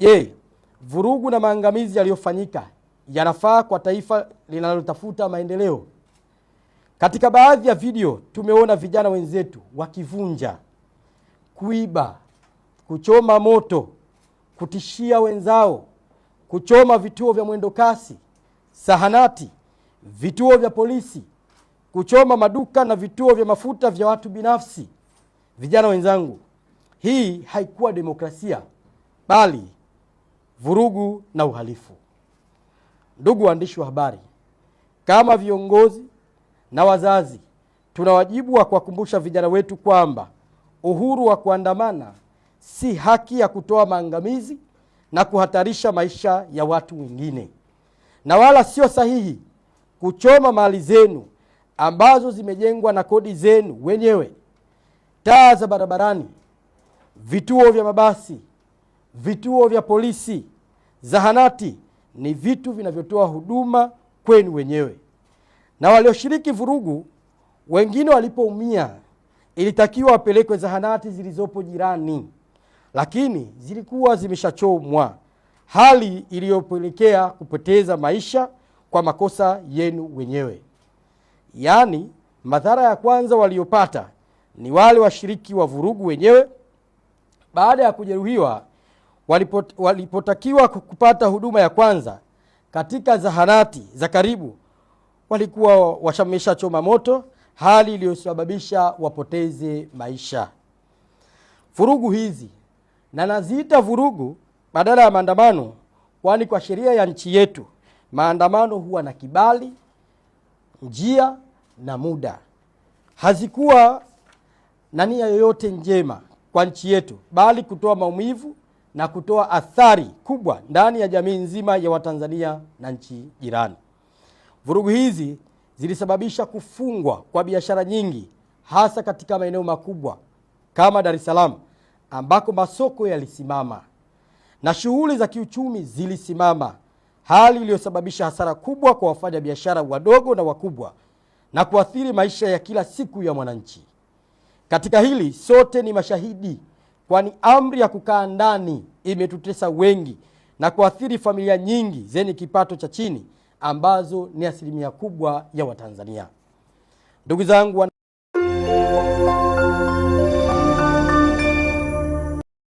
Je, vurugu na maangamizi yaliyofanyika yanafaa kwa taifa linalotafuta maendeleo? Katika baadhi ya video tumeona vijana wenzetu wakivunja, kuiba, kuchoma moto, kutishia wenzao, kuchoma vituo vya mwendokasi, sahanati, vituo vya polisi, kuchoma maduka na vituo vya mafuta vya watu binafsi. Vijana wenzangu, hii haikuwa demokrasia bali vurugu na uhalifu. Ndugu waandishi wa habari, kama viongozi na wazazi, tuna wajibu wa kuwakumbusha vijana wetu kwamba uhuru wa kuandamana si haki ya kutoa maangamizi na kuhatarisha maisha ya watu wengine, na wala sio sahihi kuchoma mali zenu ambazo zimejengwa na kodi zenu wenyewe. Taa za barabarani, vituo vya mabasi, vituo vya polisi zahanati ni vitu vinavyotoa huduma kwenu wenyewe, na walioshiriki vurugu wengine walipoumia, ilitakiwa wapelekwe zahanati zilizopo jirani, lakini zilikuwa zimeshachomwa, hali iliyopelekea kupoteza maisha kwa makosa yenu wenyewe. Yaani, madhara ya kwanza waliopata ni wale washiriki wa vurugu wenyewe baada ya kujeruhiwa walipot, walipotakiwa kupata huduma ya kwanza katika zahanati za karibu walikuwa washamesha choma moto, hali iliyosababisha wapoteze maisha. Vurugu hizi na naziita vurugu badala ya maandamano, kwani kwa sheria ya nchi yetu maandamano huwa na kibali, njia na muda. Hazikuwa na nia yoyote njema kwa nchi yetu, bali kutoa maumivu na kutoa athari kubwa ndani ya jamii nzima ya Watanzania na nchi jirani. Vurugu hizi zilisababisha kufungwa kwa biashara nyingi hasa katika maeneo makubwa kama Dar es Salaam ambako masoko yalisimama na shughuli za kiuchumi zilisimama, hali iliyosababisha hasara kubwa kwa wafanyabiashara wadogo na wakubwa na kuathiri maisha ya kila siku ya mwananchi. Katika hili sote ni mashahidi kwani amri ya kukaa ndani imetutesa wengi na kuathiri familia nyingi zenye kipato cha chini ambazo ni asilimia kubwa ya Watanzania. Ndugu zangu